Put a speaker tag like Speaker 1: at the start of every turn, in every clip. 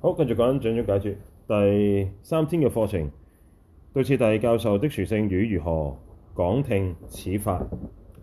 Speaker 1: 好，繼續講緊長總解説第三天嘅課程。道次第教授的殊勝語如何講聽此法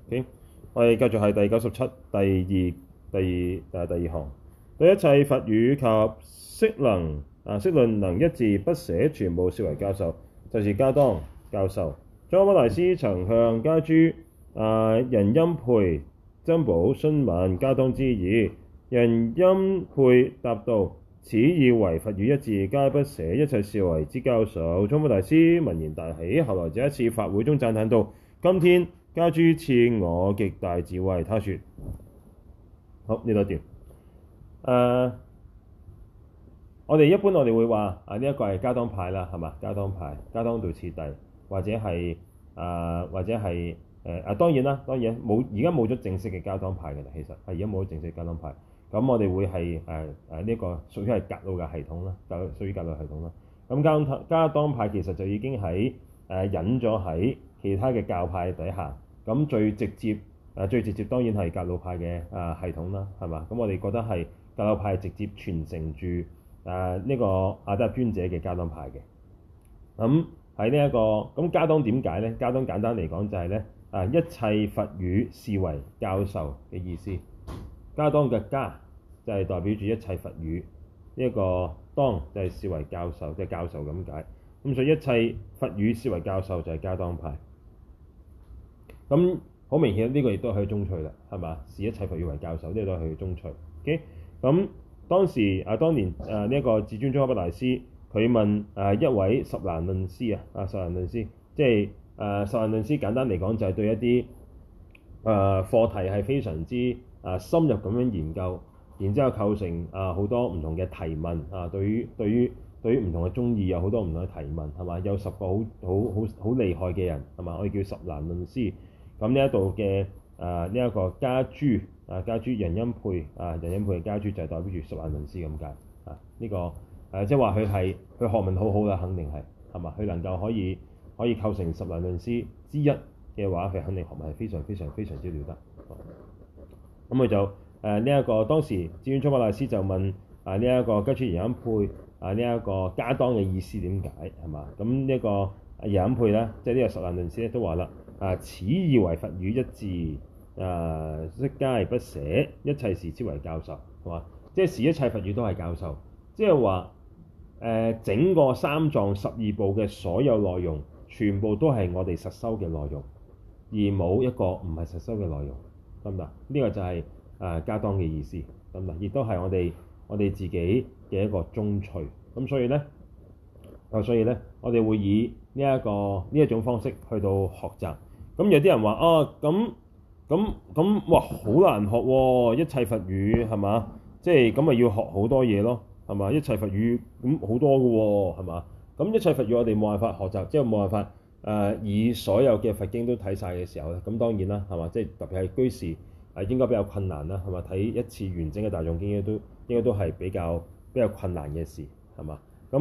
Speaker 1: ？OK，我哋繼續係第九十七第二第二誒第二行。對一切佛語及色能啊釋論能一字不捨，全部視為教授，就是噶當教授。宗喀巴大師曾向噶居啊仁欽沛珍寶詢問噶當之意，仁欽沛答道。此意為佛語一字，皆不捨一切，視為之教授。宗波大師聞言大喜，後來在一次法會中讚歎道：「今天加珠賜我極大智慧。」他說：好呢段。誒、啊，我哋一般我哋會話啊，呢一個係加當派啦，係嘛？加當派、加當道次第，或者係誒、啊，或者係誒啊。當然啦，當然冇而家冇咗正式嘅加當派嘅啦。其實啊，而家冇咗正式加當派。咁我哋會係誒誒呢個屬於係格魯嘅系統啦，格魯屬於格魯系統啦。咁加當加當派其實就已經喺誒隱咗喺其他嘅教派底下。咁最直接誒、呃、最直接當然係格魯派嘅啊、呃、系統啦，係嘛？咁我哋覺得係格魯派直接傳承住誒呢個阿德尊者嘅加當派嘅。咁喺呢一個咁加當點解咧？加當簡單嚟講就係咧誒一切佛語視為教授嘅意思。加當嘅加。就係代表住一切佛語呢一、這個當，就係視為教授，即、就、係、是、教授咁解。咁所以一切佛語視為教授就係、是、噶當派。咁好明顯呢個亦都係佢中趣啦，係嘛？視一切佛語為教授，呢啲都係佢中趣。咁、okay? 當時啊，當年啊，呢、這、一個至尊宗喀巴大師，佢問啊一位十難論師啊，啊十難論師，即係啊十難論師，簡單嚟講就係對一啲啊課題係非常之啊深入咁樣研究。然之後構成啊好多唔同嘅提問啊，對於對於對於唔同嘅中意有好多唔同嘅提問係嘛？有十個好好好好厲害嘅人係嘛？我哋叫十難論師。咁呢一度嘅啊呢一個噶居啊噶居仁欽沛啊仁欽沛噶居就係代表住十難論師咁解啊，呢、這個誒、啊、即係話佢係佢學問好好啦，肯定係係嘛？佢能夠可以可以構成十難論師之一嘅話，佢肯定學問係非常非常非常之了得。咁、啊、佢、嗯嗯、就。誒呢一個當時，宗喀巴大師就問啊呢一個噶居仁欽沛啊呢一個噶當嘅意思點解係嘛？咁呢一個仁欽沛咧，即係呢個索難論師咧都話啦啊，此意為佛語一字啊，悉、呃、皆不捨，一切事之為教授，係嘛？即係視一切佛語都係教授，即係話誒整個三藏十二部嘅所有內容，全部都係我哋實修嘅內容，而冇一個唔係實修嘅內容，得唔得？呢、這個就係、是。誒、啊、噶當嘅意思，咁啊，亦都係我哋我哋自己嘅一個宗趣。咁所以咧，啊，所以咧，我哋會以呢、這、一個呢一種方式去到學習。咁有啲人話啊，咁咁咁，哇，好難學喎、哦！一切佛語係嘛？即係咁咪要學好多嘢咯，係嘛？一切佛語咁好多嘅喎、哦，係嘛？咁一切佛語我哋冇辦法學習，即係冇辦法誒、啊，以所有嘅佛經都睇晒嘅時候咧，咁、啊、當然啦，係嘛？即、就、係、是、特別係居士。係應該比較困難啦，係咪？睇一次完整嘅《大藏經》應該都應該都係比較比較困難嘅事，係嘛？咁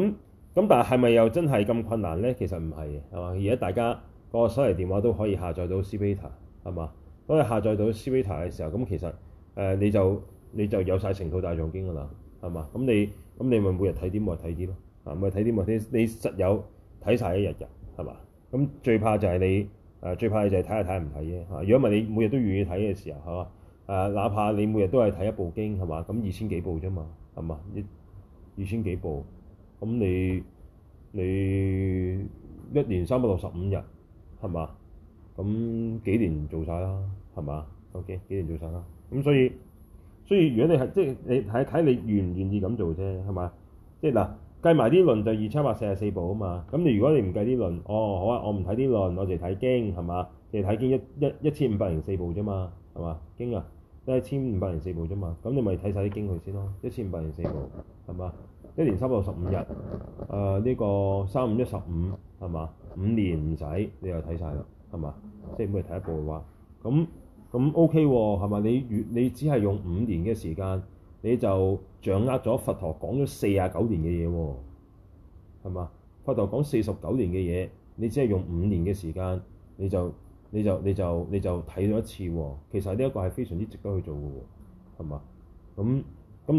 Speaker 1: 咁但係係咪又真係咁困難咧？其實唔係嘅，係嘛？而家大家個手提電話都可以下載到 CBETA，係嘛？當你下載到 CBETA 嘅時候，咁其實誒、呃、你就你就有晒成套大眾《大藏經》㗎啦，係嘛？咁你咁你咪每日睇啲咪睇啲咯，啊咪睇啲咪睇，你實有睇晒一日日，係嘛？咁最怕就係你。誒最怕就係睇下睇唔睇啫嚇，如果唔係你每日都願意睇嘅時候嚇，誒哪怕你每日都係睇一部經係嘛，咁二千幾部啫嘛係嘛，二二千幾部，咁你你一年三百六十五日係嘛，咁幾年做晒啦係嘛？OK 幾年做晒啦，咁所以所以如果你係即係你睇睇你願唔願意咁做啫係咪？即係嗱。就是計埋啲論就二七百四十四部啊嘛，咁你如果你唔計啲論，哦好啊，我唔睇啲論，我哋睇經係嘛，你睇經一一一千五百零四部啫嘛，係嘛經啊都一千五百零四部啫嘛，咁你咪睇晒啲經佢先咯，一千五百零四部係嘛，一年三百六十五日，誒、呃、呢、這個三五一十五係嘛，五年唔使你又睇晒啦係嘛，即係每日睇一部嘅話，咁咁 OK 喎係嘛，你月你只係用五年嘅時間。你就掌握咗佛陀講咗四啊九年嘅嘢喎，係嘛？佛陀講四十九年嘅嘢，你只係用五年嘅時間，你就你就你就你就睇咗一次喎。其實呢一個係非常之值得去做嘅喎，係嘛？咁咁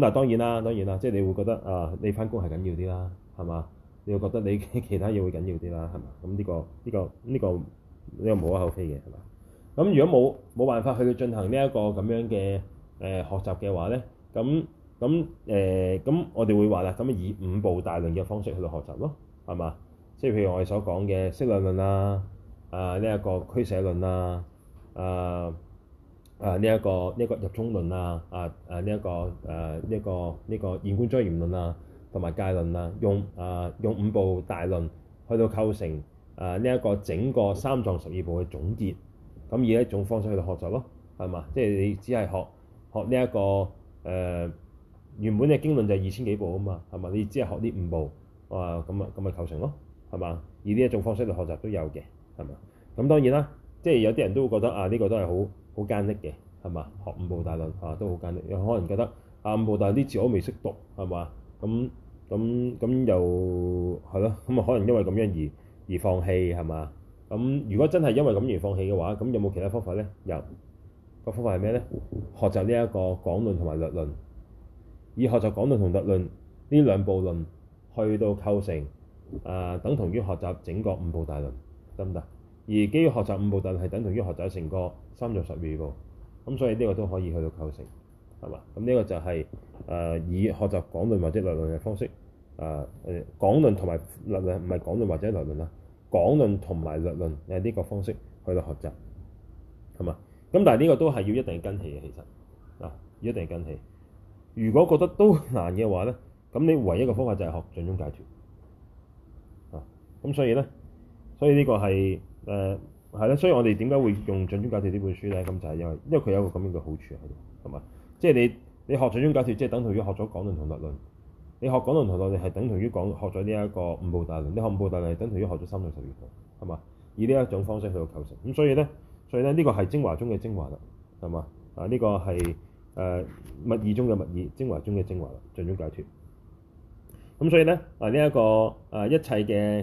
Speaker 1: 但係，當然啦，當然啦，即係你會覺得啊，你翻工係緊要啲啦，係嘛？你會覺得你其他嘢會緊要啲啦，係嘛？咁呢個呢個呢個呢個冇可厚非嘅係嘛？咁如果冇冇辦法去進行呢一個咁樣嘅誒學習嘅話咧？咁咁誒咁，我哋會話啦。咁以五部大論嘅方式去到學習咯，係嘛？即係譬如我哋所講嘅釋量論啊，啊呢一、這個俱舍論啊，啊啊呢一個呢一入中論啊，這個、啊、這個、啊呢一、這個誒呢個呢個現觀莊嚴論啊，同埋戒論啊，用啊用五部大論去到構成啊呢一、這個整個三藏十二部嘅總結。咁、嗯、以一種方式去到學習咯，係嘛？即係你只係學學呢、這、一個。誒、uh，原本嘅經論就係二千幾部啊嘛，係嘛？你只係學呢五部啊，咁啊咁咪構成咯，係嘛？以呢一種方式去學習都有嘅，係嘛？咁當然啦，即、就、係、是、有啲人都會覺得啊，呢、這個都係好好艱力嘅，係嘛？學五部大論啊，都好艱力，有可能覺得啊，五部大論啲字我未識讀，係嘛？咁咁咁又係咯，咁啊、嗯、可能因為咁樣而而放棄，係嘛？咁如果真係因為咁而放棄嘅話，咁有冇其他方法咧？有。個方法係咩咧？學習呢一個廣論同埋略論，以學習廣論同略論呢兩部論去到構成，誒、呃、等同於學習整個五部大論，得唔得？而基於學習五部大論係等同於學習成個三藏十二部，咁所以呢個都可以去到構成係嘛？咁呢個就係、是、誒、呃、以學習廣論或者略論嘅方式，誒、呃、誒、呃、廣論同埋略論唔係廣論或者略論啦，廣論同埋略論係呢個方式去到學習係嘛？是咁但係呢個都係要一定要跟起嘅，其實啊，要一定要跟起。如果覺得都難嘅話咧，咁你唯一嘅方法就係學掌中解脱啊。咁所以咧，所以呢個係誒係咧，所以我哋點解會用掌中解脱呢本書咧？咁就係因為因為佢有個咁樣嘅好處啊，係嘛？即係你你學掌中解脱，即係等同於學咗廣論同論。你學廣論同論，你係等同於講學咗呢一個五部大論。你學五部大論，等同於學咗三藏十二部，係嘛？以呢一種方式去到構成咁，所以咧。所以咧，呢個係精華中嘅精華啦，係嘛？啊，呢個係誒物意中嘅物意，精華中嘅精華啦，盡終解脱。咁所以咧，啊呢一、這個啊一切嘅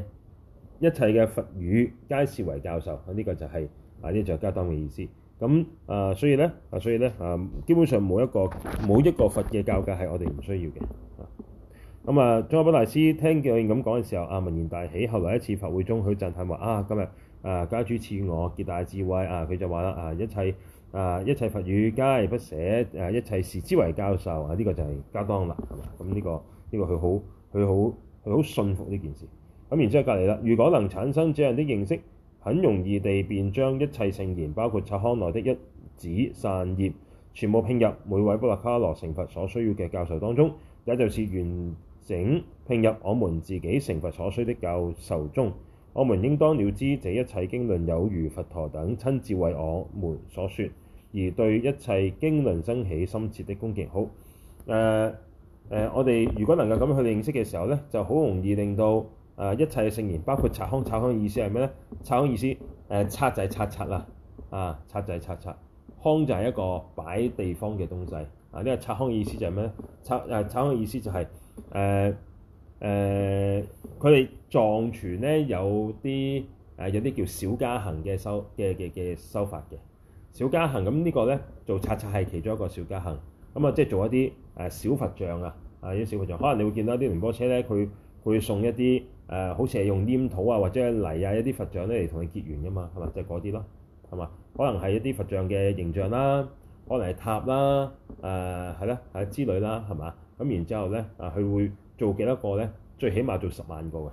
Speaker 1: 一切嘅佛語皆視為教授，呢、啊這個就係、是、啊呢就噶當嘅意思。咁啊，所以咧啊，所以咧啊，基本上冇一個冇一個佛嘅教戒係我哋唔需要嘅。啊，咁啊，宗喀巴大師聽見我哋咁講嘅時候，阿、啊、聞言大喜，後來一次法會中，佢讚歎話：啊，今日。啊！噶居賜我極大智慧啊！佢就話啦：啊，一切啊，一切佛語皆而不捨，誒、啊，一切視之為教授啊！呢、這個就係噶當啦，咁呢、嗯這個呢、這個佢好佢好佢好信服呢件事。咁、啊、然之後隔離啦，如果能產生這樣的認識，很容易地便將一切聖言，包括擦康內的一紙散頁，全部拼入每位補特伽羅成佛所需要嘅教授當中，也就是完整拼入我們自己成佛所需的教授中。我們應當了知，這一切經論有如佛陀等親自為我們所說，而對一切經論生起深切的恭敬。好，誒、呃、誒、呃，我哋如果能夠咁去認識嘅時候咧，就好容易令到誒、呃、一切聖言，包括擦康擦康，擦康意思係咩咧？擦康意思誒、呃，擦就擦擦啦，啊，擦就擦擦，康就係一個擺地方嘅東西。啊、呢、這個擦康意、啊、意思就係咩咧？擦誒擦康意思就係誒。誒，佢哋、呃、藏傳咧有啲誒、呃、有啲叫小家行嘅修嘅嘅嘅修法嘅小家行咁、這個、呢個咧做擦擦係其中一個小家行咁啊、嗯，即係做一啲誒小佛像啊啊啲小佛像，可能你會見到啲仁波車咧，佢佢會送一啲誒，好似係用黏土啊或者泥啊一啲佛像咧嚟同你結緣㗎嘛，係嘛？即係嗰啲咯，係嘛？可能係一啲佛像嘅形象啦，可能係塔啦，誒係啦係之類啦，係嘛？咁然之後咧啊，佢會。做幾多個咧？最起碼做十萬個嘅，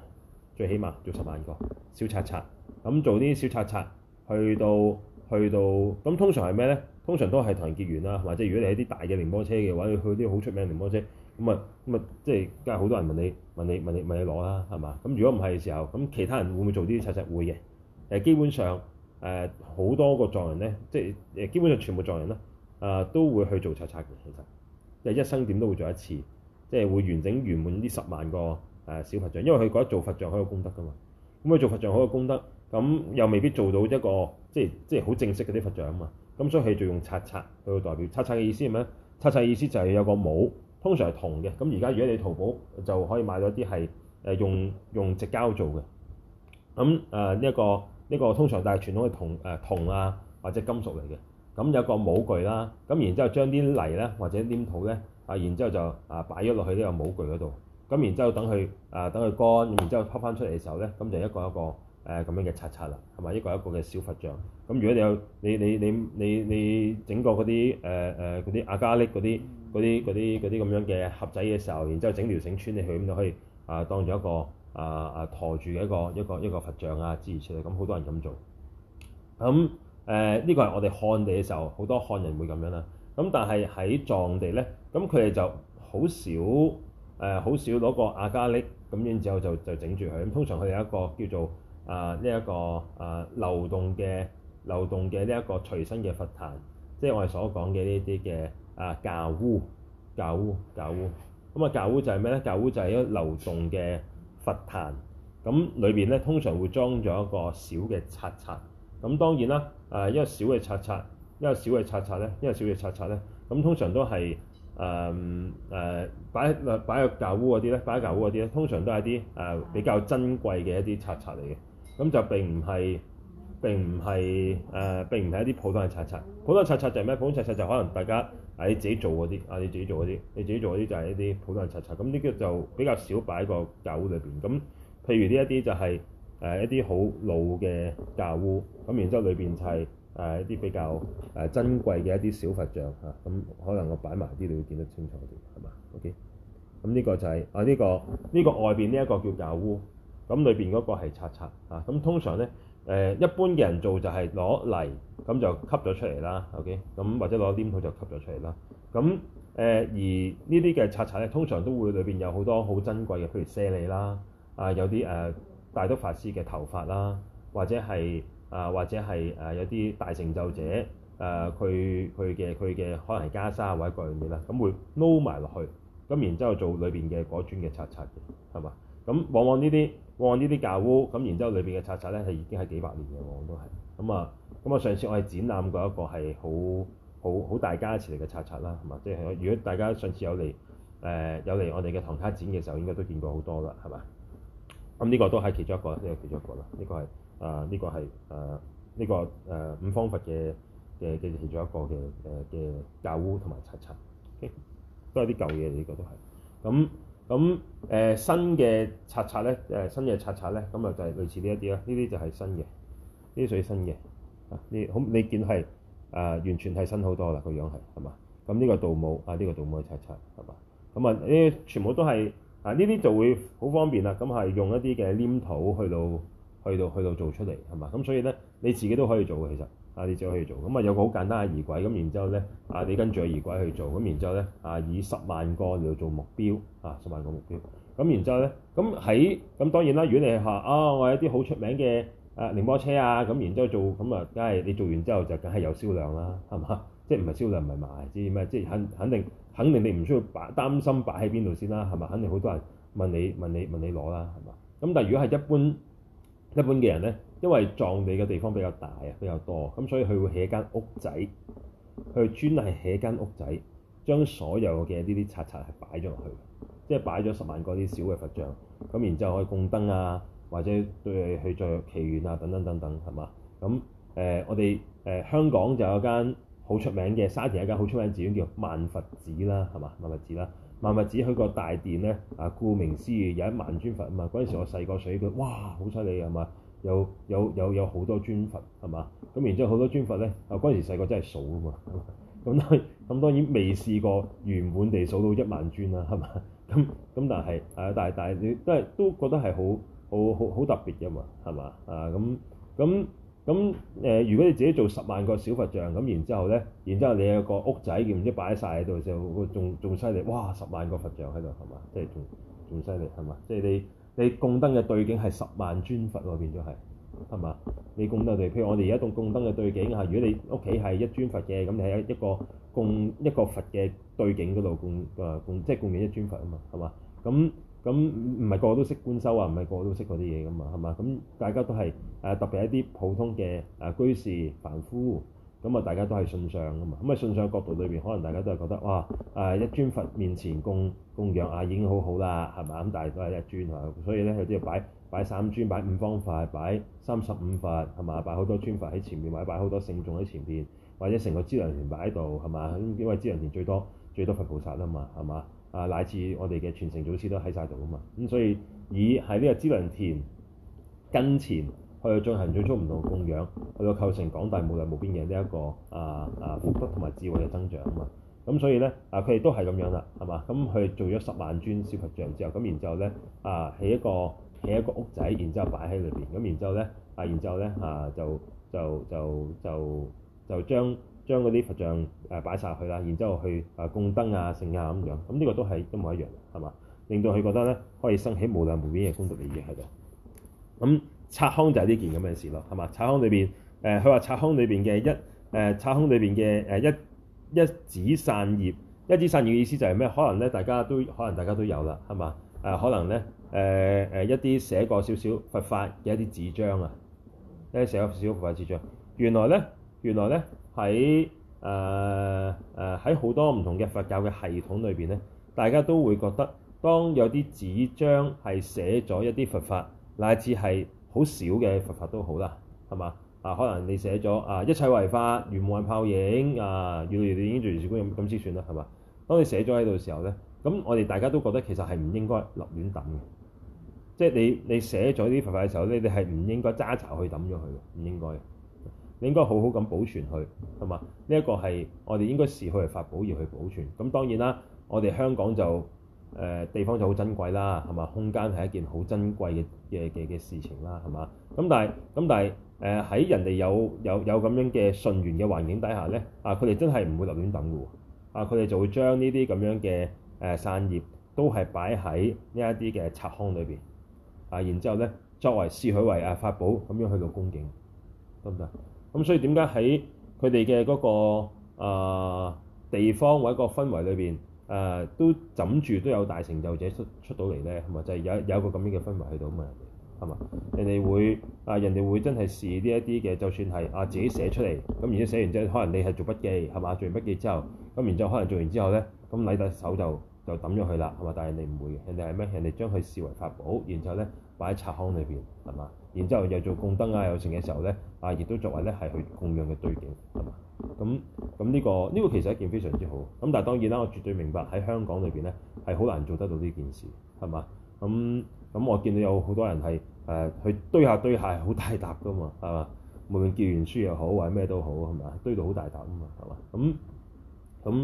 Speaker 1: 最起碼做十萬個小擦擦，咁做啲小擦擦，去到去到咁通常係咩咧？通常都係同人結緣啦，或者如果你喺啲大嘅仁波切嘅話，你去啲好出名仁波切，咁啊咁啊，即係梗係好多人問你問你問你問你攞啦，係嘛？咁如果唔係嘅時候，咁其他人會唔會做啲擦擦會嘅。誒，基本上誒好、呃、多個藏人咧，即係誒基本上全部藏人啦，啊、呃、都會去做擦擦嘅，其實即係一生點都會做一次。即係會完整圓滿呢十萬個誒、呃、小佛像，因為佢覺得做佛像好有功德噶嘛。咁佢做佛像好有功德，咁又未必做到一個即係即係好正式嗰啲佛像啊嘛。咁所以佢就用擦擦，佢代表擦擦嘅意思係咩咧？擦擦意思就係有個模，通常係銅嘅。咁而家如果你淘寶就可以買到啲係誒用用矽膠做嘅。咁誒呢一個呢、這個通常但係傳統嘅銅誒、呃、銅啊或者金屬嚟嘅。咁有個模具啦，咁然之後將啲泥咧或者黏土咧。啊，然之後就啊擺咗落去呢個模具嗰度，咁然之後等佢啊等佢乾，然之後拋翻出嚟嘅時候咧，咁就一個一個誒咁、呃、樣嘅擦擦啦，係咪？一個一個嘅小佛像。咁、啊、如果你有你你你你你整個嗰啲誒誒啲阿加力嗰啲嗰啲啲啲咁樣嘅盒仔嘅時候，然之後整條繩穿你去咁就可以啊當咗一個啊啊馱住嘅一個一個一個，一個佛像啊，支持出嚟。咁好多人咁做。咁誒呢個係我哋漢地嘅時候，好多漢人會咁樣啦。咁但係喺藏地咧，咁佢哋就好少誒，好、呃、少攞個亞加力，咁然之後就就整住佢。咁通常佢哋有一個叫做啊呢一個啊、呃、流動嘅流動嘅呢一個隨身嘅佛壇，即係我哋所講嘅、啊、呢啲嘅啊架烏架烏架烏。咁啊架烏就係咩咧？架烏就係一個流動嘅佛壇。咁裏邊咧，通常會裝咗一個小嘅擦擦。咁當然啦，誒一個小嘅擦擦。因為少嘅擦擦咧，因為少嘅擦擦咧，咁通常都係誒誒擺落擺喺舊屋嗰啲咧，擺喺舊屋嗰啲咧，通常都係啲誒比較珍貴嘅一啲擦擦嚟嘅，咁就並唔係並唔係誒並唔係一啲普通嘅擦擦，普通嘅擦擦就係咩？普通嘅擦擦就可能大家喺自己做嗰啲啊，你自己做嗰啲、啊，你自己做嗰啲就係一啲普通嘅擦擦，咁呢啲就比較少擺喺個舊屋裏邊。咁譬如呢一啲就係、是、誒、呃、一啲好老嘅舊屋，咁然之後裏邊就係、是。誒、啊、一啲比較誒、啊、珍貴嘅一啲小佛像嚇，咁、啊、可能我擺埋啲你會見得清楚啲，係嘛？OK，咁、啊、呢、這個就係、是、啊呢、這個呢個外邊呢一個叫嘎烏，咁裏邊嗰個係擦擦，咁通常咧誒、呃、一般嘅人做就係攞泥咁就吸咗出嚟啦，OK，咁或者攞黏土就吸咗出嚟啦。咁、啊、誒、啊、而呢啲嘅擦擦咧，通常都會裏邊有好多好珍貴嘅，譬如舍利啦，啊，啊有啲誒、啊、大德法師嘅頭髮啦、啊，或者係。啊，或者係誒有啲大成就者，誒佢佢嘅佢嘅可能係袈裟或者各樣嘢啦，咁會撈埋落去，咁然之後做裏邊嘅嗰磚嘅擦擦嘅，係嘛？咁往往呢啲往往呢啲教污，咁然之後裏邊嘅擦擦咧係已經係幾百年嘅，往往都係。咁啊，咁我上次我係展覽過一個係好好好大加持嚟嘅擦擦啦，係嘛？即係如果大家上次有嚟誒有嚟我哋嘅唐卡展嘅時候，應該都見過好多啦，係嘛？咁呢個都係其中一個，呢個係其中一個啦，呢個係。啊！呢、這個係誒呢個誒、呃、五方佛嘅嘅嘅其中一個嘅誒嘅教壺同埋擦擦，都係啲舊嘢，呢個都係。咁咁誒新嘅擦擦咧，誒新嘅擦擦咧，咁啊就係類似呢一啲啦。呢啲就係新嘅，呢啲屬於新嘅。啊，呢好、okay? 這個嗯嗯啊、你見係誒完全係新好多啦，個樣係係嘛？咁呢個度母啊，呢、這個度母嘅擦擦係嘛？咁啊呢啲全部都係啊，呢啲就會好方便啦。咁、嗯、係用一啲嘅黏土去到。去到去到做出嚟係嘛？咁所以咧，你自己都可以做嘅。其實啊，你都可以做咁啊。有個好簡單嘅二鬼咁，然之後咧啊，你跟住個二鬼去做咁，然之後咧啊，以十萬個嚟做目標啊，十萬個目標咁、啊，然之後咧咁喺咁當然啦。如果你係話啊，我有啲好出名嘅誒、啊，電摩車啊，咁然之後做咁啊，梗係你做完之後就梗係有銷量啦，係嘛？即係唔係銷量唔係賣，知咩？即係肯肯定肯定你唔需要擺擔心擺喺邊度先啦，係嘛？肯定好多人問你問你問你攞啦，係嘛？咁但係如果係一般。一般嘅人咧，因為藏地嘅地方比較大啊，比較多，咁所以佢會起一間屋仔，佢專係起一間屋仔，將所有嘅呢啲擦擦係擺咗落去，即係擺咗十萬個啲小嘅佛像，咁然之後可以供燈啊，或者對去再祈願啊，等等等等係嘛？咁誒、呃，我哋誒、呃、香港就有間好出名嘅沙田有一間好出名嘅寺院，叫萬佛寺啦，係嘛？萬佛寺啦。萬物寺喺個大殿咧，啊，顧名思義有一萬尊佛啊嘛。嗰陣時我細個睇佢，哇，好犀利係嘛？有有有有好多尊佛係嘛？咁然之後好多尊佛咧，啊，嗰陣時細個真係數啊嘛。咁咁當,當然未試過圓滿地數到一萬尊啦，係嘛？咁咁但係誒、呃，但係但係你都係都覺得係好好好好特別嘅嘛，係嘛？啊咁咁。咁誒，如果你自己做十萬個小佛像，咁然之後咧，然之後你有個屋仔嘅，唔知擺晒喺度就，仲仲犀利，哇！十萬個佛像喺度，係嘛？即係仲仲犀利，係嘛？即係你你供燈嘅對境係十萬尊佛喎，變咗係，係嘛？你供燈嘅，譬如我哋而家做供燈嘅對境嚇，如果你屋企係一尊佛嘅，咁你喺一個供一個佛嘅對境嗰度供啊供，即係供緊一尊佛啊嘛，係嘛？咁。咁唔係個個都識觀修啊，唔係個個都識嗰啲嘢噶嘛，係嘛？咁大家都係誒、啊，特別一啲普通嘅誒、啊、居士凡夫，咁啊大家都係信上噶嘛，咁啊信上角度裏邊，可能大家都係覺得哇誒、啊、一尊佛面前供供養啊已經好好啦，係嘛？咁但係都係一尊啊，所以咧有啲要擺擺三尊，擺五方佛，擺三十五佛，係嘛？擺好多尊佛喺前，前面，或者擺好多聖眾喺前邊，或者成個資糧田擺喺度，係嘛？因為資糧田最多最多佛菩薩啦嘛，係嘛？啊，乃至我哋嘅傳承祖師都喺晒度啊嘛，咁、嗯、所以以喺呢個資糧田跟前去進行最初唔同嘅供養，去到構成廣大無量無邊嘅呢一個啊啊福德同埋智慧嘅增長啊嘛，咁、嗯、所以咧啊，佢哋都係咁樣啦，係嘛？咁佢做咗十萬尊小佛像之後，咁然之後咧啊，起一個起一個屋仔，然之後擺喺裏邊，咁然之後咧啊，然之後咧啊，就就就就就，就，就將。將嗰啲佛像誒擺晒去啦，然之後去誒供燈啊、聖啊咁樣，咁、這、呢個都係一模一樣嘅，係嘛？令到佢覺得咧可以生起無量無邊嘅功德利益。喺度。咁擦康就係呢件咁嘅事咯，係嘛？擦康裏邊誒，佢、呃、話擦康裏邊嘅一誒、呃，擦康裏邊嘅誒一一紙散頁，一紙散頁嘅意思就係咩？可能咧大家都可能大家都有啦，係嘛？誒、呃、可能咧誒誒一啲寫過少少佛法嘅一啲紙張啊，咧寫過少少佛法紙張，原來咧原來咧。喺誒誒喺好多唔同嘅佛教嘅系統裏邊咧，大家都會覺得，當有啲紙張係寫咗一啲佛法，乃至係好少嘅佛法都好啦，係嘛？啊，可能你寫咗啊一切為法、如夢幻泡影啊，如露亦如電，應作如是觀咁咁先算啦，係嘛？當你寫咗喺度嘅時候咧，咁我哋大家都覺得其實係唔應該立亂抌嘅。即係你你寫咗啲佛法嘅時候咧，你係唔應該揸柴去抌咗佢嘅，唔應該你應該好好咁保存佢，係嘛？呢一個係我哋應該視佢為法寶而去保存。咁當然啦，我哋香港就誒、呃、地方就好珍貴啦，係嘛？空間係一件好珍貴嘅嘅嘅事情啦，係嘛？咁但係咁但係誒喺人哋有有有咁樣嘅信源嘅環境底下咧，啊佢哋真係唔會立亂抌嘅喎，啊佢哋就會將呢啲咁樣嘅誒、呃、散頁都係擺喺呢一啲嘅擦康裏邊，啊然之後咧作為視佢為啊法寶咁樣去到供景，得唔得？咁所以點解喺佢哋嘅嗰個、呃、地方或者個氛圍裏邊，誒、呃、都枕住都有大成就者出出到嚟咧？係嘛？就係、是、有有一個咁樣嘅氛圍喺度啊嘛，係嘛？人哋會啊，人哋會真係視呢一啲嘅，就算係啊自己寫出嚟，咁然之後寫完之後，可能你係做筆記係嘛，做完筆記之後，咁然之後可能做完之後咧，咁懶得手就就抌咗佢啦係嘛？但係你哋唔會，人哋係咩？人哋將佢視為法寶，然後咧擺喺擦康裏邊係嘛？然之後又做供燈啊，有剩嘅時候咧，啊，亦都作為咧係去供養嘅對境，係嘛？咁咁呢個呢、這個其實一件非常之好。咁、嗯、但係當然啦，我絕對明白喺香港裏邊咧係好難做得到呢件事，係嘛？咁、嗯、咁、嗯嗯、我見到有好多人係誒去堆下堆下好大沓噶嘛，係嘛？無論結完書又好，或者咩都好，係嘛？堆到好大沓啊嘛，係嘛？咁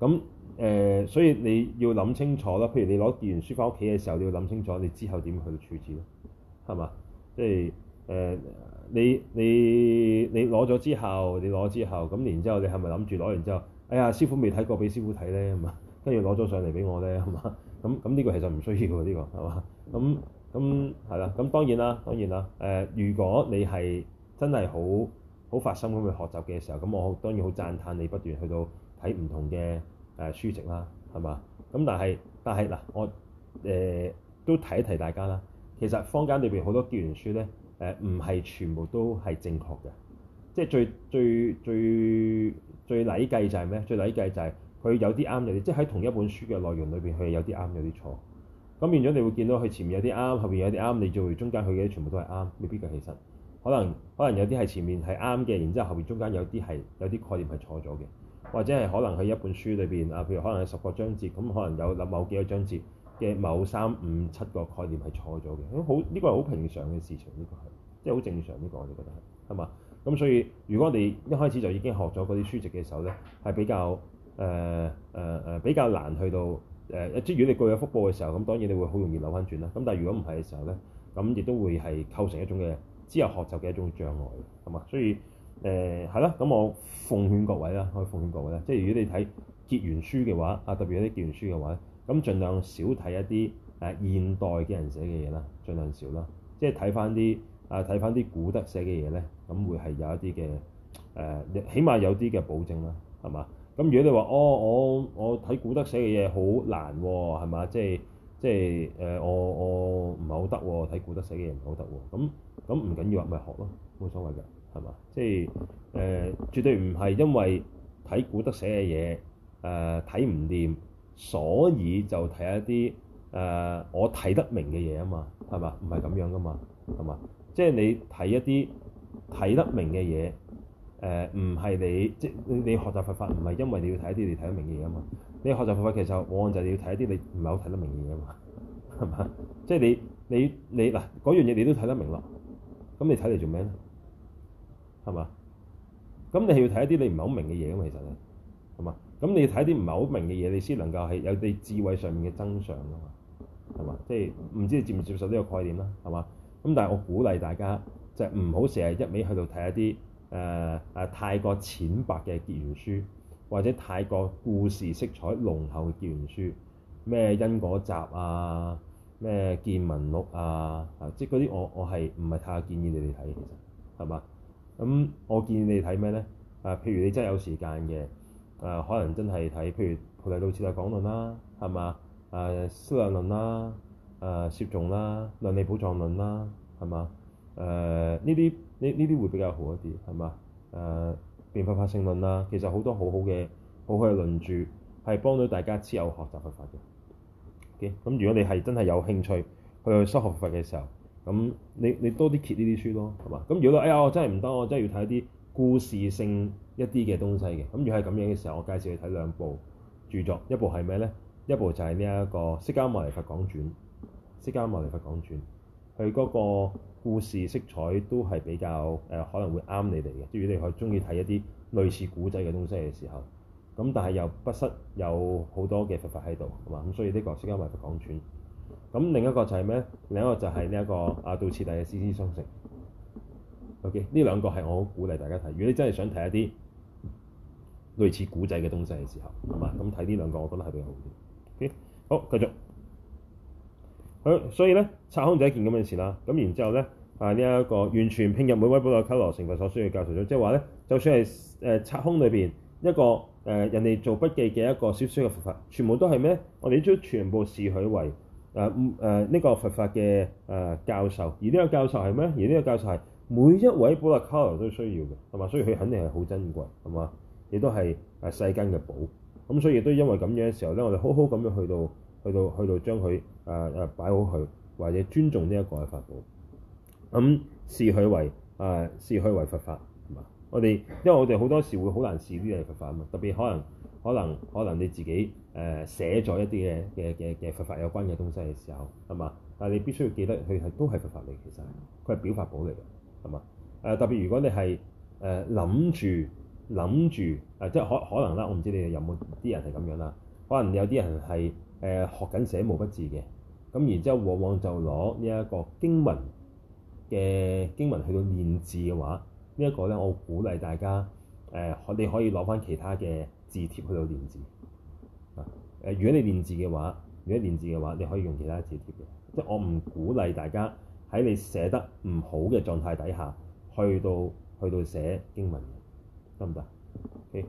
Speaker 1: 咁誒咁誒，所以你要諗清楚啦。譬如你攞結完書翻屋企嘅時候，你要諗清楚你之後點去處置咯。係嘛？即係誒、呃、你你你攞咗之後，你攞之後咁，然之後你係咪諗住攞完之後，哎呀師傅未睇過，俾師傅睇咧，咁啊，跟住攞咗上嚟俾我咧，係嘛？咁咁呢個其實唔需要喎，呢個係嘛？咁咁係啦，咁當然啦，當然啦，誒、呃、如果你係真係好好發心咁去學習嘅時候，咁我當然好讚歎你不斷去到睇唔同嘅誒、呃、書籍啦，係嘛？咁但係但係嗱，我誒、呃、都提一提大家啦。其實坊間裏邊好多教言書咧，誒唔係全部都係正確嘅，即係最最最最例計就係、是、咩？最例計就係、是、佢有啲啱，有啲即係喺同一本書嘅內容裏邊，佢有啲啱，有啲錯。咁變咗你會見到佢前面有啲啱，後邊有啲啱，你就會中間佢嘅全部都係啱，未必嘅。其實可能可能有啲係前面係啱嘅，然之後後邊中間有啲係有啲概念係錯咗嘅，或者係可能佢一本書裏邊啊，譬如可能有十個章節，咁可能有某幾個章節。嘅某三五七個概念係錯咗嘅，咁好呢個係好平常嘅事情，呢、呢個係即係好正常、呢個，呢個我哋覺得係，係嘛？咁所以如果我哋一開始就已經學咗嗰啲書籍嘅時候咧，係比較誒誒誒比較難去到誒、呃，即係如果你過去有福報嘅時候，咁當然你會好容易扭翻轉啦。咁但係如果唔係嘅時候咧，咁亦都會係構成一種嘅之後學習嘅一種障礙，係嘛？所以誒係啦，咁、呃、我奉勸各位啦，可以奉勸各位咧，即係如果你睇結緣書嘅話，啊特別有啲結緣書嘅話。咁儘量少睇一啲誒、呃、現代嘅人寫嘅嘢啦，儘量少啦，即係睇翻啲啊睇翻啲古德寫嘅嘢咧，咁會係有一啲嘅誒，起碼有啲嘅保證啦，係嘛？咁如果你話哦，我我睇古德寫嘅嘢好難喎、啊，係嘛？即係即係誒、呃，我我唔係好得喎，睇古德寫嘅嘢唔係好得喎，咁咁唔緊要啊，咪學咯，冇所謂嘅，係嘛？即係誒、呃，絕對唔係因為睇古德寫嘅嘢誒睇唔掂。呃所以就睇一啲誒、呃、我睇得明嘅嘢啊嘛，係嘛？唔係咁樣噶嘛，係嘛？即係你睇一啲睇得明嘅嘢，誒唔係你即你你學習佛法唔係因為你要睇一啲你睇得明嘅嘢啊嘛？你學習佛法其實往往就係要睇一啲你唔係好睇得明嘅嘢啊嘛，係嘛？即係你你你嗱嗰樣嘢你都睇得明咯。咁你睇嚟做咩咧？係嘛？咁你要睇一啲你唔係好明嘅嘢啊嘛，其實係嘛？咁你睇啲唔係好明嘅嘢，你先能夠係有啲智慧上面嘅增長㗎嘛，係嘛？即係唔知你接唔接受呢個概念啦，係嘛？咁、嗯、但係我鼓勵大家就唔好成日一味去到睇一啲誒誒太過淺白嘅結緣書，或者太過故事色彩濃厚嘅結緣書，咩因果集啊，咩見聞錄啊，啊即係嗰啲我我係唔係太建議你哋睇，其實係嘛？咁、嗯、我建議你哋睇咩咧？誒、啊、譬如你真係有時間嘅。誒、呃、可能真係睇，譬如《菩提道次第廣論》啦，係嘛？誒、呃《釋量論》啦，誒、呃《攝眾》啦，《量理寶藏論》啦，係嘛？誒呢啲呢呢啲會比較好一啲，係嘛？誒、呃《辨法法性論》啦，其實好多好好嘅好好嘅論著係幫到大家自由學習去發嘅。咁、okay? 嗯，如果你係真係有興趣去修學佛嘅時候，咁你你多啲揭呢啲書咯，係嘛？咁如果誒呀、哎，我真係唔得，我真係要睇啲故事性。一啲嘅東西嘅咁，如果係咁樣嘅時候，我介紹你睇兩部著作。一部係咩咧？一部就係呢一個《釋迦牟尼佛講傳》。《釋迦牟尼佛講傳》，佢嗰個故事色彩都係比較誒、呃，可能會啱你哋嘅。即係如果你係中意睇一啲類似古仔嘅東西嘅時候，咁但係又不失有好多嘅佛法喺度，係嘛？咁所以呢個《釋迦牟尼佛講傳》。咁另一個就係咩？另一個就係呢一個阿道次第嘅《師師相承》。O.K. 呢兩個係我好鼓勵大家睇。如果你真係想睇一啲，類似古仔嘅東西嘅時候，係咪咁睇呢兩個？我覺得係比較好啲。Okay? 好，繼續咁，所以咧拆空就一件咁嘅事啦。咁然之後咧啊，呢、這、一個完全拼入每位保立卡 o 成佛所需要嘅教授，即係話咧，就算係誒、呃、拆空裏邊一個誒、呃、人哋做筆記嘅一個小小嘅佛法，全部都係咩？我哋將全部視佢為誒誒呢個佛法嘅誒、呃、教授。而呢個教授係咩？而呢個教授係每一位保立卡 o 都需要嘅，係咪？所以佢肯定係好珍貴，係咪亦都係誒世間嘅寶，咁、嗯、所以亦都因為咁樣嘅時候咧，我哋好好咁樣去到去到去到將佢誒誒擺好佢，或者尊重呢一個嘅法寶，咁、嗯、視佢為誒、呃、視佢為佛法，係嘛？我哋因為我哋好多時會好難視呢啲嘢佛法啊嘛，特別可能可能可能你自己誒、呃、寫咗一啲嘅嘅嘅嘅佛法有關嘅東西嘅時候係嘛？但係你必須要記得佢係都係佛法嚟，其實佢係表法寶嚟嘅，係嘛？誒、呃、特別如果你係誒諗住。呃諗住啊，即係可可能啦。我唔知你哋有冇啲人係咁樣啦。可能有啲人係誒、呃、學緊寫毛筆字嘅，咁然之後往往就攞呢一個經文嘅經文去到練字嘅話，這個、呢一個咧，我鼓勵大家誒、呃，你可以攞返其他嘅字帖去到練字啊、呃。如果你練字嘅話，如果練字嘅話，你可以用其他字帖嘅，即係我唔鼓勵大家喺你寫得唔好嘅狀態底下，去到去到寫經文。得唔得？誒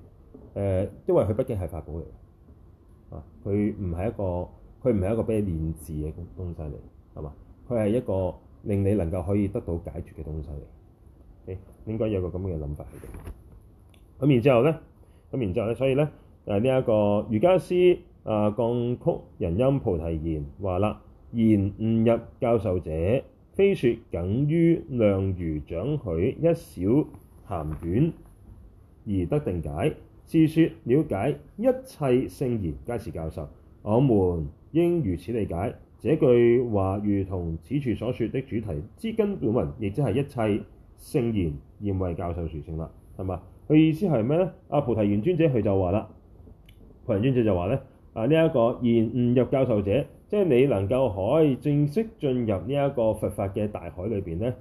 Speaker 1: ，okay. 因為佢畢竟係法寶嚟，啊，佢唔係一個佢唔係一個俾你練字嘅東西嚟，係嘛？佢係一個令你能夠可以得到解決嘅東西嚟。誒、okay.，應該有個咁嘅諗法喺度。咁然之後咧，咁然之後咧，所以咧誒呢一、就是、個瑜伽師啊、呃，絳曲仁欽菩提寶話啦，言悟入教授者，非説僅於量如掌許一小函卷。而得定解，是說了解一切聖言皆是教授。我們應如此理解這句話，如同此處所說的主題之根本文，亦即係一切聖言，現為教授殊勝啦，係嘛？佢意思係咩呢？阿菩提原尊者佢就話啦，菩提圓尊者就話咧，啊呢一、這個言悟入教授者，即係你能夠可以正式進入呢一個佛法嘅大海裏邊呢。」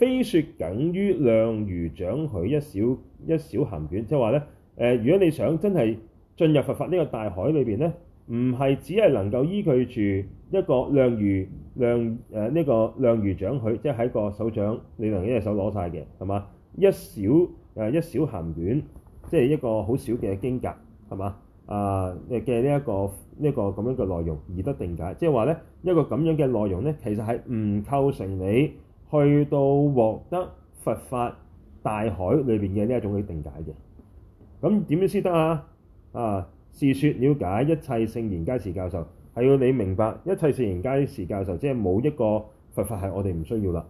Speaker 1: 非説僅於量如掌許一小一小函卷，即係話咧誒，如果你想真係進入佛法呢個大海裏邊咧，唔係只係能夠依據住一個量如量誒呢、呃這個量如掌許，即係喺個手掌你能一隻手攞晒嘅，係嘛？一小誒、呃、一小函卷，即係一個好少嘅經格，係嘛？啊嘅呢一個呢一個咁樣嘅內容而得定解，即係話咧一個咁樣嘅內容咧，其實係唔構成你。去到獲得佛法大海裏邊嘅呢一種嘅定解嘅，咁點樣先得啊？啊，是説了解一切聖言皆是教授，係要你明白一切聖言皆是教授，即係冇一個佛法係我哋唔需要啦。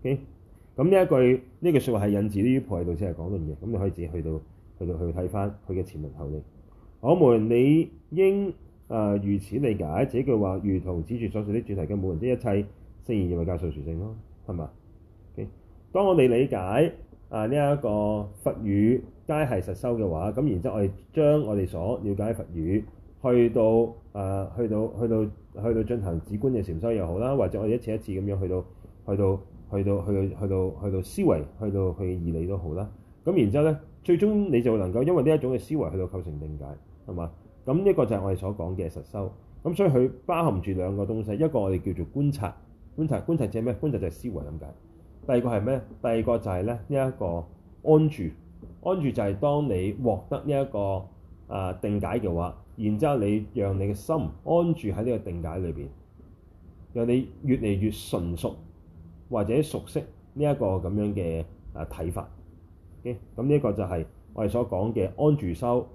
Speaker 1: OK，咁呢一句呢句説話係引自於《菩提道次》講論嘅，咁你可以自己去到去到去睇翻佢嘅前文後理。我們理應啊、呃、如此理解這句話，如同指住所説的主題嘅冇人的一切。聖言就咪教授殊勝咯，係嘛？Okay. 當我哋理解啊呢一個佛語皆係實修嘅話，咁然之後我哋將我哋所了解佛語去到啊、呃，去到去到去到進行止觀嘅禪修又好啦，或者我哋一次一次咁樣去到去到去到去去到去到思維去到去義理都好啦。咁然之後呢，最終你就能夠因為呢一種嘅思維去到構成定解，係嘛？咁一個就係我哋所講嘅實修。咁所以佢包含住兩個東西，一個我哋叫做觀察。觀察，觀察即係咩？觀察就係思維諗解。第二個係咩？第二個就係咧呢一個安住。安住就係當你獲得呢一個啊定解嘅話，然之後你讓你嘅心安住喺呢個定解裏邊，讓你越嚟越純熟或者熟悉呢一個咁樣嘅啊睇法。嘅咁呢一個就係我哋所講嘅安住修，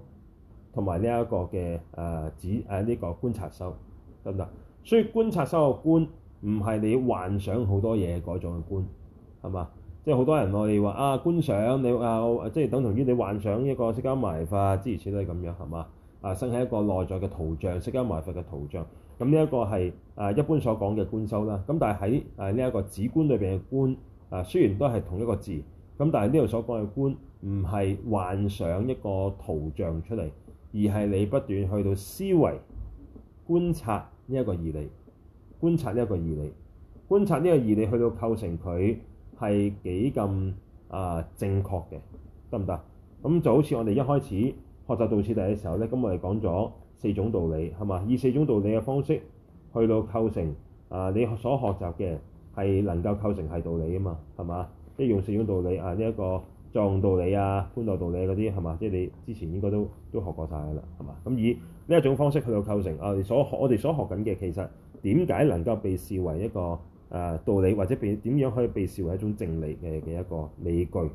Speaker 1: 同埋呢一個嘅啊指啊呢個觀察修得唔得？所以觀察修嘅觀。唔係你幻想好多嘢嗰種嘅觀係嘛？即係好多人我哋話啊觀想你啊，即係等同於你幻想一個釋迦埋法諸如此類都係咁樣係嘛？啊生喺一個內在嘅圖像，釋迦埋法嘅圖像。咁呢一個係啊一般所講嘅觀修啦。咁但係喺啊呢一個止觀裏邊嘅觀啊，雖然都係同一個字，咁但係呢度所講嘅觀唔係幻想一個圖像出嚟，而係你不斷去到思維觀察呢一個義理，觀察呢一個義理，觀察呢個義理去到構成佢係幾咁啊正確嘅，得唔得？咁就好似我哋一開始學習道次第嘅時候咧，咁我哋講咗四種道理係嘛，以四種道理嘅方式去到構成啊、呃，你所學習嘅係能夠構成係道理啊嘛，係嘛？即係用四種道理啊，呢、這、一個作用道理啊、觀待道，道理嗰啲係嘛？即係你之前應該都都學過晒噶啦，係嘛？咁以呢一種方式去到構成啊，呃、所，所學我哋所學緊嘅其實。點解能夠被視為一個誒道理，或者被點樣可以被視為一種正理嘅嘅一個理據？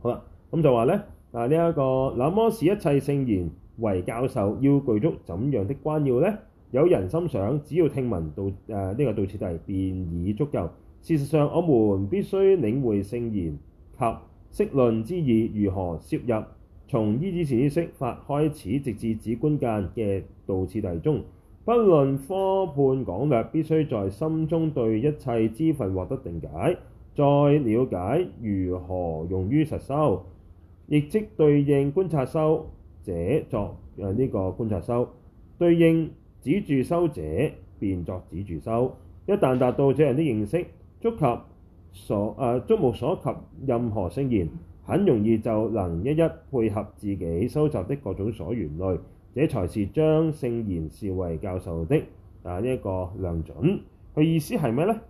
Speaker 1: 好啦，咁、嗯、就話咧，啊呢一個「那麼視一切聖言為教授，要具足怎樣的關要呢？」有人心想，只要聽聞到誒呢個道次第，便已足夠。事實上，我們必須領會聖言及釋論之意如何攝入從依止知識法開始，直至止觀間嘅道次第中。不論科判廣略，必須在心中對一切支分獲得定解，再了解如何用於實修，亦即對應觀察修者作誒呢、呃這個觀察修，對應止住修者便作止住修。一旦達到這樣的認識，觸及所誒、呃、觸目所及任何聖言，很容易就能一一配合自己收集的各種所緣類。這才是將聖言視為教授的啊呢一、這個量準。佢意思係咩呢？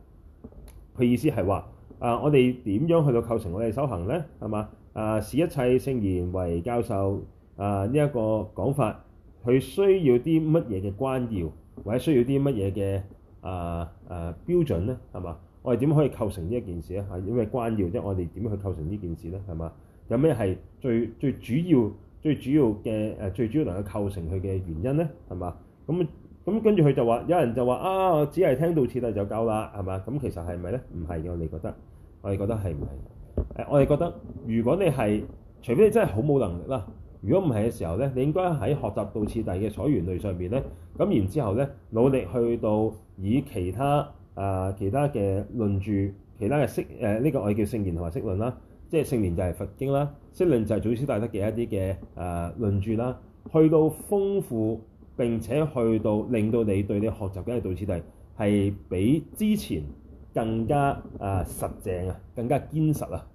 Speaker 1: 佢意思係話：啊，我哋點樣去到構成我哋修行呢？係嘛？啊，視一切聖言為教授啊呢一、這個講法，佢需要啲乜嘢嘅關要，或者需要啲乜嘢嘅啊啊標準呢？係嘛？我哋點可以構成呢一件事咧？係、啊、因為關要啫，我哋點去構成呢件事呢？係嘛？有咩係最最主要？最主要嘅誒，最主要能夠構成佢嘅原因咧，係嘛？咁咁跟住佢就話，有人就話啊，我只係聽道次第就夠啦，係嘛？咁其實係咪咧？唔係嘅，我哋覺得，我哋覺得係唔係？誒、呃，我哋覺得，如果你係除非你真係好冇能力啦，如果唔係嘅時候咧，你應該喺學習道次第嘅所緣類上邊咧，咁然之後咧，努力去到以其他誒其他嘅論著，其他嘅釋誒呢個我哋叫聖言同埋釋論啦。即係聖言就係佛經啦，聖論就係祖師大德嘅一啲嘅誒論著啦。去到豐富並且去到令到你對你學習嘅道次第係比之前更加誒、呃、實正啊，更加堅實啊，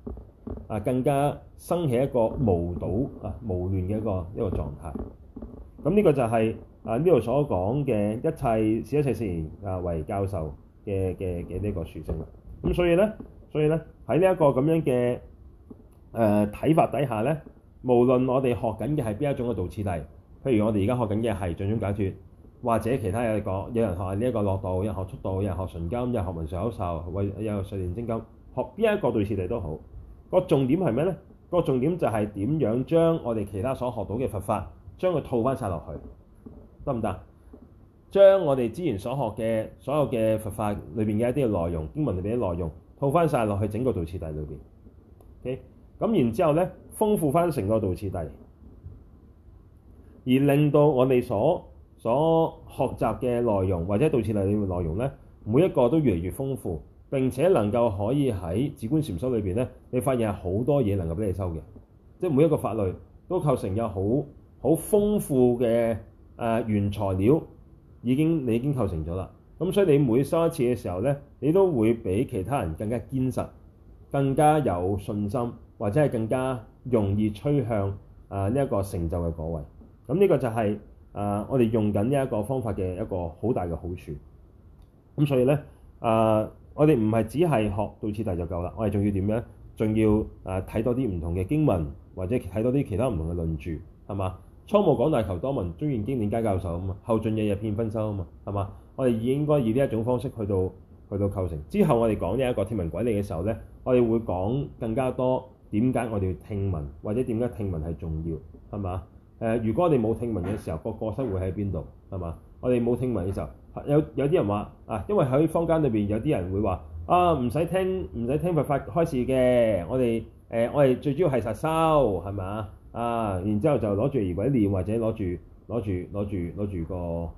Speaker 1: 啊更加生起一個無倒啊無亂嘅一個一個，一個狀態。咁呢個就係、是、啊呢度所講嘅一切是一切聖言啊為教授嘅嘅嘅呢個殊勝啦。咁所以咧，所以咧喺呢一個咁樣嘅。誒睇、呃、法底下咧，無論我哋學緊嘅係邊一種嘅道次第，譬如我哋而家學緊嘅係掌中解脫，或者其他有講，有人學呢一個樂道，有人學速道，有人學純金，有人學文殊口授，有人上煉精金，學邊一個道次第都好。個重點係咩咧？個重點就係點樣將我哋其他所學到嘅佛法，將佢套翻晒落去，得唔得？將我哋之前所學嘅所有嘅佛法裏邊嘅一啲內容，經文裏邊嘅內容，套翻晒落去整個道次第裏邊，O K。Okay? 咁然之後咧，豐富翻成個道次第，而令到我哋所所學習嘅內容或者道次第裏面內容咧，每一個都越嚟越豐富。並且能夠可以喺《止觀禪修》裏邊咧，你發現好多嘢能夠俾你收嘅，即係每一個法類都構成有好好豐富嘅誒、呃、原材料，已經你已經構成咗啦。咁、嗯、所以你每收一次嘅時候咧，你都會比其他人更加堅實，更加有信心。或者係更加容易趨向啊呢一個成就嘅果位，咁、嗯、呢、這個就係、是、啊、呃、我哋用緊呢一個方法嘅一個好大嘅好處。咁、嗯、所以咧啊、呃，我哋唔係只係學到此地就夠啦，我哋仲要點樣？仲要啊睇、呃、多啲唔同嘅經文，或者睇多啲其他唔同嘅論著，係嘛？初務廣大求多聞，中現經典皆教授啊嘛，後盡日日遍薰修啊嘛，係嘛？我哋已應該以呢一種方式去到去到構成之後，我哋講呢一個天文鬼理嘅時候咧，我哋會講更加多。點解我哋要聽聞，或者點解聽聞係重要係嘛？誒、呃，如果我哋冇聽聞嘅時候，個過失會喺邊度係嘛？我哋冇聽聞嘅時候，有有啲人話啊，因為喺坊間裏邊有啲人會話啊，唔使聽唔使聽佛法開示嘅，我哋誒、呃、我哋最主要係實修，係咪？啊？然之後就攞住儀軌念或者攞住攞住攞住攞住個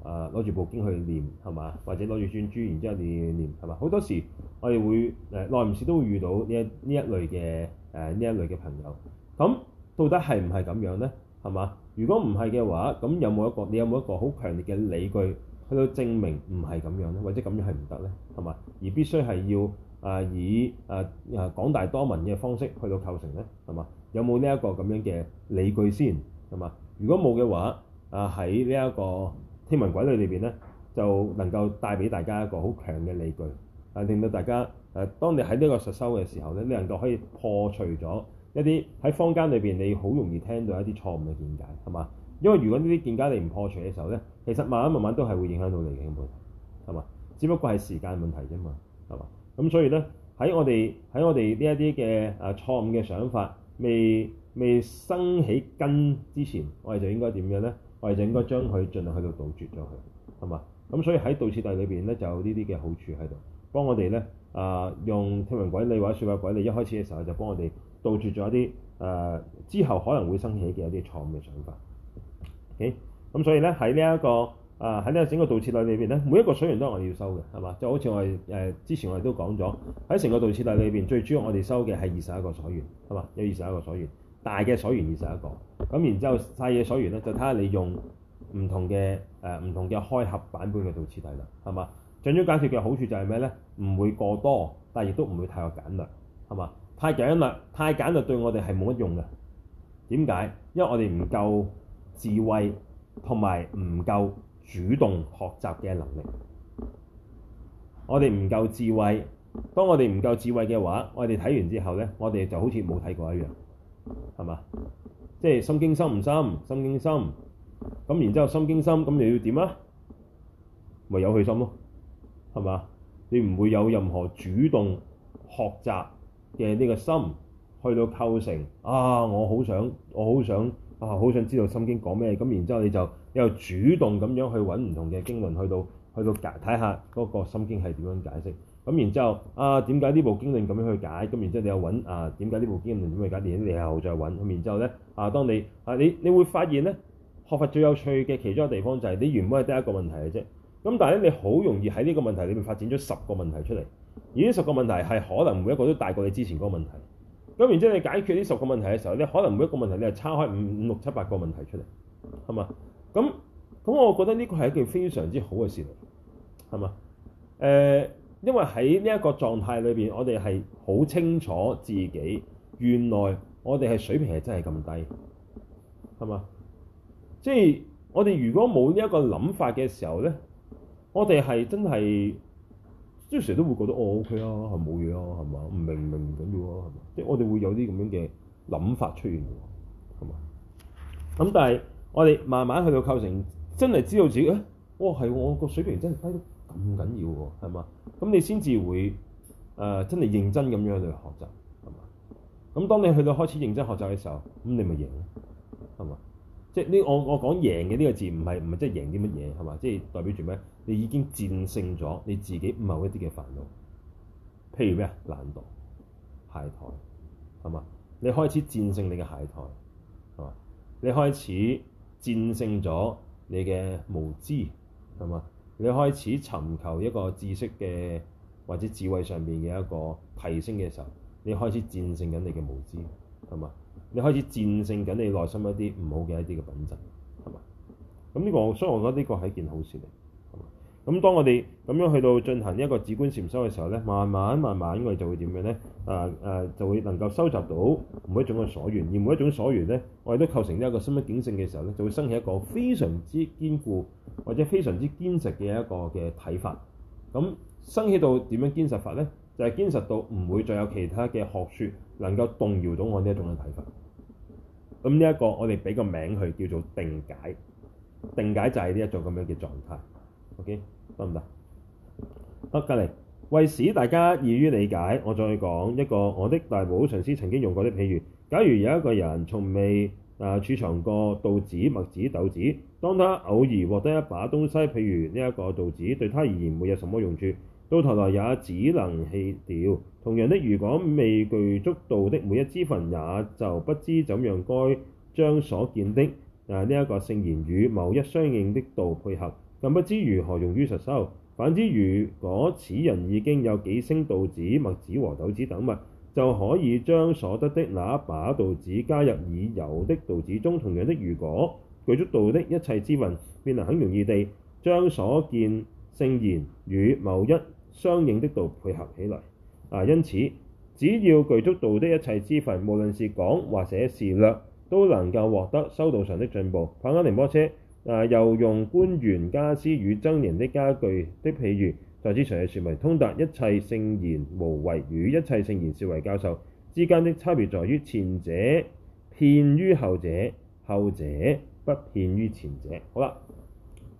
Speaker 1: 啊攞住部經去念係嘛？或者攞住轉珠，然之後念念係嘛？好多時我哋會誒耐唔時都會遇到呢一呢一類嘅。誒呢一類嘅朋友，咁到底係唔係咁樣呢？係嘛？如果唔係嘅話，咁有冇一個你有冇一個好強烈嘅理據去到證明唔係咁樣呢？或者咁樣係唔得呢？係嘛？而必須係要啊以啊啊廣大多聞嘅方式去到構成呢？係嘛？有冇呢一個咁樣嘅理據先？係嘛？如果冇嘅話，啊喺呢一個聽聞軌理裏邊呢，就能夠帶俾大家一個好強嘅理據。誒令到大家誒，當你喺呢個實修嘅時候咧，你能夠可以破除咗一啲喺坊間裏邊你好容易聽到一啲錯誤嘅見解，係嘛？因為如果呢啲見解你唔破除嘅時候咧，其實慢慢慢慢都係會影響到你嘅問題，係嘛？只不過係時間問題啫嘛，係嘛？咁所以咧喺我哋喺我哋呢一啲嘅誒錯誤嘅想法未未生起根之前，我哋就應該點樣咧？我哋就應該將佢盡量去到杜絕咗佢，係嘛？咁所以喺道次第裏邊咧，就有呢啲嘅好處喺度。幫我哋咧，啊、呃、用聽聞軌理或者說法軌理，一開始嘅時候就幫我哋杜絕咗一啲，誒、呃、之後可能會生起嘅一啲錯誤嘅想法。咁、okay? 嗯、所以咧喺呢一、這個，啊喺呢整個道次第裏邊咧，每一個所緣都係我哋要收嘅，係嘛？就好似我哋誒、呃、之前我哋都講咗，喺成個道次第裏邊，最主要我哋收嘅係二十一個所緣，係嘛？有二十一個所緣，大嘅所緣二十一個，咁然之後細嘅所緣咧，就睇下你用唔同嘅誒唔同嘅開合版本嘅道次第啦，係嘛？想咗間條嘅好處就係咩咧？唔會過多，但亦都唔會太過簡略，係嘛？太簡略，太簡略對我哋係冇乜用嘅。點解？因為我哋唔夠智慧同埋唔夠主動學習嘅能力。我哋唔夠智慧，當我哋唔夠智慧嘅話，我哋睇完之後咧，我哋就好似冇睇過一樣，係嘛？即係心經心唔深？心經心。咁，然之後心經心，咁，又要點啊？咪有去心咯～係嘛？你唔會有任何主動學習嘅呢個心去到構成啊！我好想，我好想啊，好想知道《心經》講咩？咁然之後你就又主動咁樣去揾唔同嘅經論，去到去到解睇下嗰個《心經》係點樣解釋。咁然之後啊，點解呢部經論咁樣去解？咁然之後你又揾啊，點解呢部經論點樣解？然後你又再揾。然之後咧啊，當你啊你你會發現咧，學佛最有趣嘅其中一個地方就係你原本係得一個問題嘅啫。咁但係咧，你好容易喺呢個問題裏面發展咗十個問題出嚟，而呢十個問題係可能每一個都大過你之前嗰個問題。咁然之後你解決呢十個問題嘅時候咧，你可能每一個問題你係差開五五六七八個問題出嚟，係嘛？咁咁，我覺得呢個係一件非常之好嘅事嚟，係嘛？誒、呃，因為喺呢一個狀態裏邊，我哋係好清楚自己原來我哋係水平係真係咁低，係嘛？即係我哋如果冇呢一個諗法嘅時候咧。我哋係真係，即係成日都會覺得哦，OK 啊，係冇嘢啊，係嘛？唔明唔明唔緊要啊，係嘛？即係我哋會有啲咁樣嘅諗法出現嘅，係嘛？咁但係我哋慢慢去到構成真係知道自己啊，哇、哎，係、哦哦、我個水平真係低到咁緊要喎，係嘛？咁你先至會誒、呃、真係認真咁樣去學習，係嘛？咁當你去到開始認真學習嘅時候，咁你咪贏咯，係嘛？即係呢，我我講贏嘅呢個字唔係唔係即係贏啲乜嘢，係嘛，即係代表住咩？你已經戰勝咗你自己某一啲嘅煩惱，譬如咩啊，懶惰、懈怠，係嘛？你開始戰勝你嘅懈怠，係嘛？你開始戰勝咗你嘅無知，係嘛？你開始尋求一個知識嘅或者智慧上面嘅一個提升嘅時候，你開始戰勝緊你嘅無知，係嘛？你開始戰勝緊你內心一啲唔好嘅一啲嘅品質，係嘛？咁呢個，所以我覺得呢個係一件好事嚟。咁當我哋咁樣去到進行一個止觀禪修嘅時候咧，慢慢慢慢我哋就會點樣咧？誒、啊、誒、啊，就會能夠收集到每一種嘅所緣，而每一種所緣咧，我哋都構成一個心不警醒嘅時候咧，就會生起一個非常之堅固或者非常之堅實嘅一個嘅睇法。咁生起到點樣堅實法咧？就係、是、堅實到唔會再有其他嘅學説能夠動搖到我呢一種嘅睇法。咁呢一個我哋俾個名佢叫做定解。定解就係呢一種咁樣嘅狀態。OK。得唔得？好，隔籬，為使大家易於理解，我再講一個我的大寶上師曾經用過的譬喻。假如有一個人從未誒、儲藏過稻子、麥子、豆子，當他偶爾獲得一把東西，譬如呢一個稻子，對他而言沒有什麼用處，到頭來也只能棄掉。同樣的，如果未具足道的每一支分，也就不知怎樣該將所見的誒、呢一個聖言與某一相應的道配合。更不知如何用於實修。反之，如果此人已經有幾升稻子、麥子和豆子等物，就可以將所得的那把稻子加入已有的稻子中。同樣的，如果具足道的一切支分，便能很容易地將所見聖言與某一相應的道配合起來。啊，因此只要具足道的一切支分，無論是廣或者是略，都能夠獲得修道上的進步。帕繃喀仁波切又用官員家私與僧人的家具的譬喻，在此詳細說明。通達一切聖言無違與一切聖言視為教授之間的差別，在於前者偏於後者，後者不偏於前者。好啦，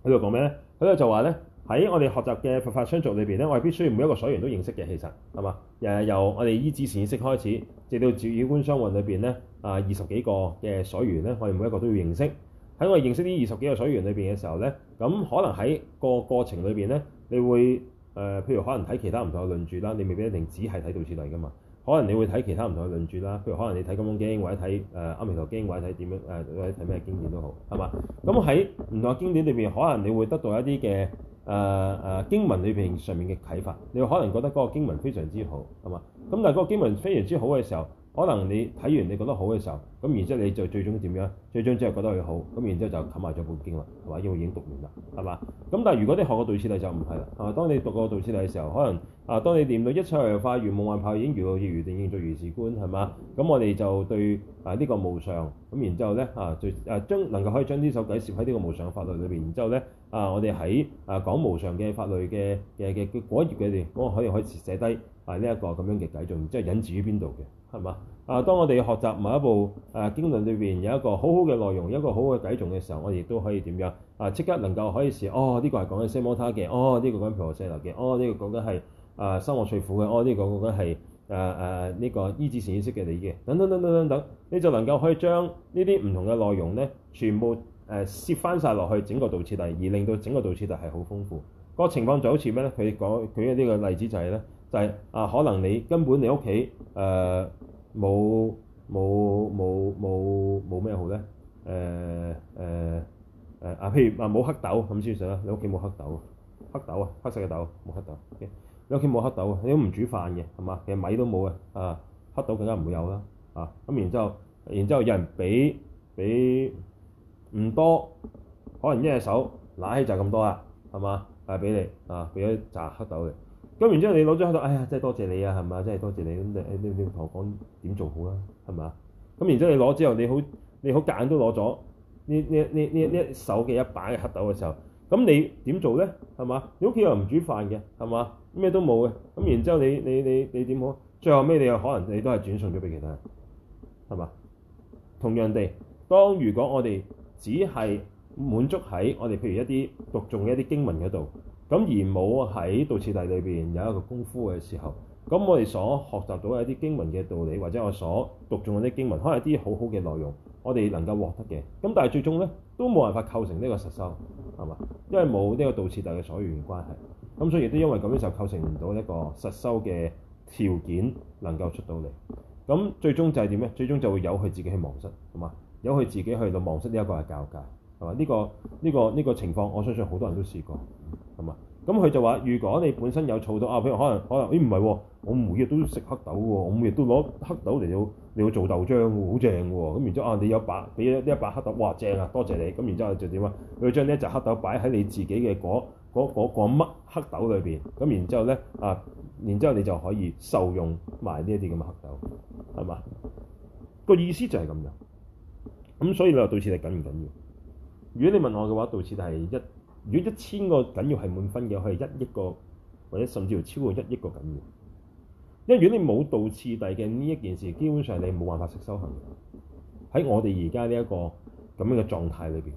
Speaker 1: 喺度講咩咧？喺度就話呢，喺我哋學習嘅佛法相續裏邊呢，我哋必須每一個所緣都認識嘅。其實係咪？由我哋依止善知識開始，直到止觀雙運裏邊呢，啊，二十幾個嘅所緣呢，我哋每一個都要認識。喺我認識呢二十幾個水源裏邊嘅時候咧，咁可能喺個過程裏邊咧，你會誒、呃，譬如可能睇其他唔同嘅論著啦，你未必一定只係睇道次第噶嘛。可能你會睇其他唔同嘅論著啦，譬如可能你睇《金剛經》或者睇誒、呃《阿彌陀經》，或者睇點樣誒或者睇咩經典都好，係嘛？咁喺唔同嘅經典裏邊，可能你會得到一啲嘅誒誒經文裏邊上面嘅啟發，你可能覺得嗰個經文非常之好，係嘛？咁但係嗰個經文非常之好嘅時候。可能你睇完你覺得好嘅時候，咁然之後你就最終點樣？最終即係覺得佢好，咁然之後就冚埋咗本經啦，係嘛？因為已經讀完啦，係嘛？咁但係如果你學過道次第就唔係啦，啊，當你讀過道次第嘅時候，可能啊，當你念到一切有為法，如夢幻泡已經如如如，如定，定，應作如是觀，係嘛？咁我哋就對啊呢、這個無常，咁然之後咧啊最啊將能夠可以將呢首偈攝喺呢個無常法律裏邊，然之後咧啊我哋喺啊講無常嘅法律嘅嘅嘅嗰頁嘅裏面，我可以可以寫低啊呢一、這個咁樣嘅偈，仲然之後引自於邊度嘅，係嘛？啊！當我哋學習某一部誒、啊、經論裏邊有一個好好嘅內容，有一個好好嘅比重嘅時候，我哋都可以點樣啊？即刻能夠可以試哦，呢、這個係講緊奢摩他嘅，哦呢、這個講緊毗缽舍那嘅，哦、啊、呢、這個講緊係誒修學趣苦嘅，哦呢個講緊係誒誒呢個依止善知識嘅你嘅，等等等等等等，你就能夠可以將呢啲唔同嘅內容咧，全部誒攝翻曬落去整個道次第，而令到整個道次第係好豐富。個情況就好似咩咧？佢講佢嘅呢個例子就係、是、咧，就係、是、啊，可能你根本你屋企誒。呃冇冇冇冇冇咩好咧？誒誒誒啊！譬如啊，冇黑豆咁先算啦。你屋企冇黑豆啊？黑豆啊，黑色嘅豆，冇黑豆。o、okay? 你屋企冇黑豆啊？你都唔煮飯嘅係嘛？其實米都冇嘅啊，黑豆更加唔會有啦啊！咁然之後，然之後有人俾俾唔多，可能一隻手拿起就咁多啦，係嘛？啊，俾你啊，俾一紮黑豆嘅。咁然之後你攞咗喺度，哎呀，真係多謝你啊，係嘛？真係多謝你咁誒，你你同我講點做好啊，係嘛？咁然之後你攞之後，你好你好夾硬都攞咗，你你你你一手嘅一把嘅黑豆嘅時候，咁你點做咧？係嘛？你屋企又唔煮飯嘅，係嘛？咩都冇嘅，咁然之後你你你你點好？最後尾你又可能你都係轉送咗俾其他人，係嘛？同樣地，當如果我哋只係滿足喺我哋譬如一啲讀誦嘅一啲經文嗰度。咁而冇喺道次第裏邊有一個功夫嘅時候，咁我哋所學習到嘅一啲經文嘅道理，或者我所讀中嗰啲經文，可能係啲好好嘅內容，我哋能夠獲得嘅。咁但係最終呢，都冇辦法構成呢一個實修，係嘛？因為冇呢個道次第嘅所緣關係。咁所以亦都因為咁樣就構成唔到呢個實修嘅條件，能夠出到嚟。咁最終就係點呢？最終就會有佢自己去忘失，係嘛？有佢自己去到忘失呢一個係教界，係嘛？呢個呢個呢個情況，我相信好多人都試過。係嘛？咁佢就話：如果你本身有儲到啊，譬如可能可能，咦唔係喎，我每日都食黑豆喎，我每日都攞黑豆嚟到你要做豆漿喎，好正喎。咁然之後啊，你有把俾一一把黑豆，哇正啊，多謝你。咁然之後就點啊？佢要將呢一隻黑豆擺喺你自己嘅嗰嗰乜黑豆裏邊。咁然之後咧啊，然之後你就可以受用埋呢一啲咁嘅黑豆，係嘛？個意思就係咁樣。咁所以你話道次第緊唔緊要？如果你問我嘅話，道次第係一。如果一千個緊要係滿分嘅，佢係一億個，或者甚至乎超過一億個緊要。因為如果你冇道次第嘅呢一件事，基本上你冇辦法實修行。喺我哋而家呢一個咁樣嘅狀態裏邊，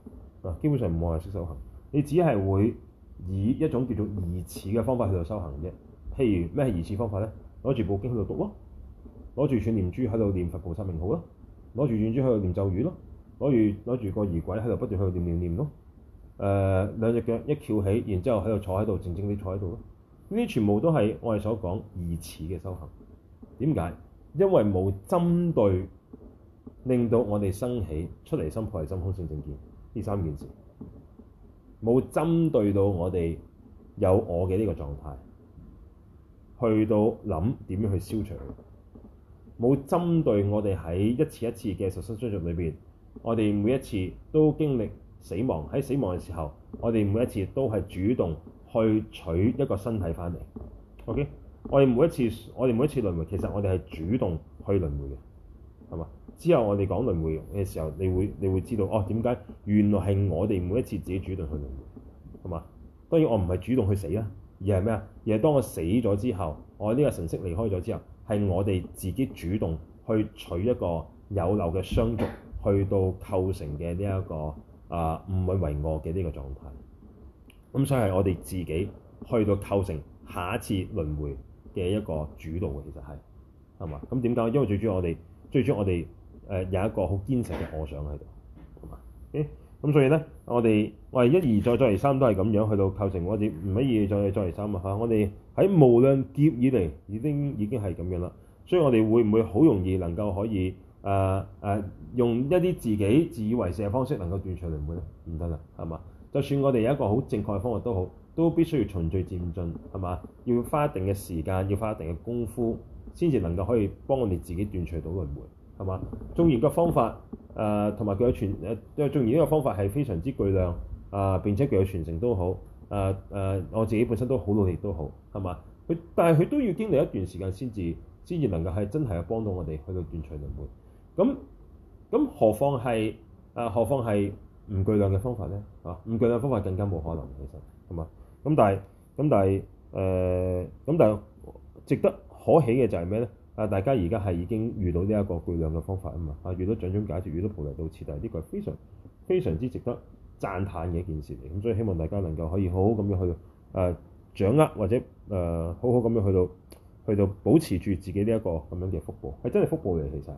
Speaker 1: 嗱，基本上唔可能實修行。你只係會以一種叫做疑似嘅方法喺度修行啫。譬如咩係疑似方法咧？攞住《部經》喺度讀咯，攞住串念珠喺度念佛菩薩名號咯，攞住串珠喺度念咒語咯，攞住攞住個儀軌喺度不斷去念念念咯。誒，兩隻腳一翹起，然之後喺度坐喺度，靜靜地坐喺度咯。呢啲全部都係我哋所講疑似嘅修行。點解？因為冇針對令到我哋生起出離心、菩提心、空性正見呢三件事，冇針對到我哋有我嘅呢個狀態，去到諗點樣去消除，冇針對我哋喺一次一次嘅受身追逐裏邊，我哋每一次都經歷。死亡，喺死亡嘅時候，我哋每一次都係主動去取一個身體翻嚟。OK，我哋每一次，我哋每一次輪迴，其實我哋係主動去輪迴嘅，係嘛？之後我哋講輪迴嘅時候，你會你會知道哦，點解原來係我哋每一次自己主動去輪迴，係嘛？當然我唔係主動去死啊，而係咩啊？而係當我死咗之後，我呢個神識離開咗之後，係我哋自己主動去取一個有漏嘅雙足去到構成嘅呢一個。啊，唔、呃、會為我嘅呢個狀態，咁、嗯、所以係我哋自己去到構成下一次輪迴嘅一個主導嘅，其實係係嘛？咁點解？因為最主要我哋，最主要我哋誒、呃、有一個好堅實嘅我想喺度，係嘛？誒、okay? 嗯，咁所以咧，我哋我哋一而再，再而三都係咁樣去到構成我哋唔一而再，再而三啊！嚇，我哋喺無量劫以嚟已經已經係咁樣啦，所以我哋會唔會好容易能夠可以？誒誒、呃呃，用一啲自己自以為是嘅方式能夠斷除輪迴咧，唔得㗎，係嘛？就算我哋有一個好正確嘅方法都好，都必須要循序漸進，係嘛？要花一定嘅時間，要花一定嘅功夫，先至能夠可以幫我哋自己斷除到輪迴，係嘛？縱然個方法誒，同埋佢有傳誒，縱然呢個方法係非常之巨量啊，並且佢有傳承、呃、都好誒誒、呃呃，我自己本身都好努力都好，係嘛？佢但係佢都要經歷一段時間先至先至能夠係真係有幫到我哋去到斷除輪迴。咁咁，何況係誒？何況係唔巨量嘅方法咧？嚇，唔巨量方法更加冇可能。其實係嘛？咁但係咁但係誒咁但係值得可喜嘅就係咩咧？啊，大家而家係已經遇到呢一個巨量嘅方法啊嘛！啊，遇到掌中解脫，遇到菩提道次第，呢個係非常非常之值得讚歎嘅一件事嚟。咁所以希望大家能夠可以好好咁樣去誒掌握，或者誒好好咁樣去到去到保持住自己呢一個咁樣嘅福報，係真係福報嚟，其實係。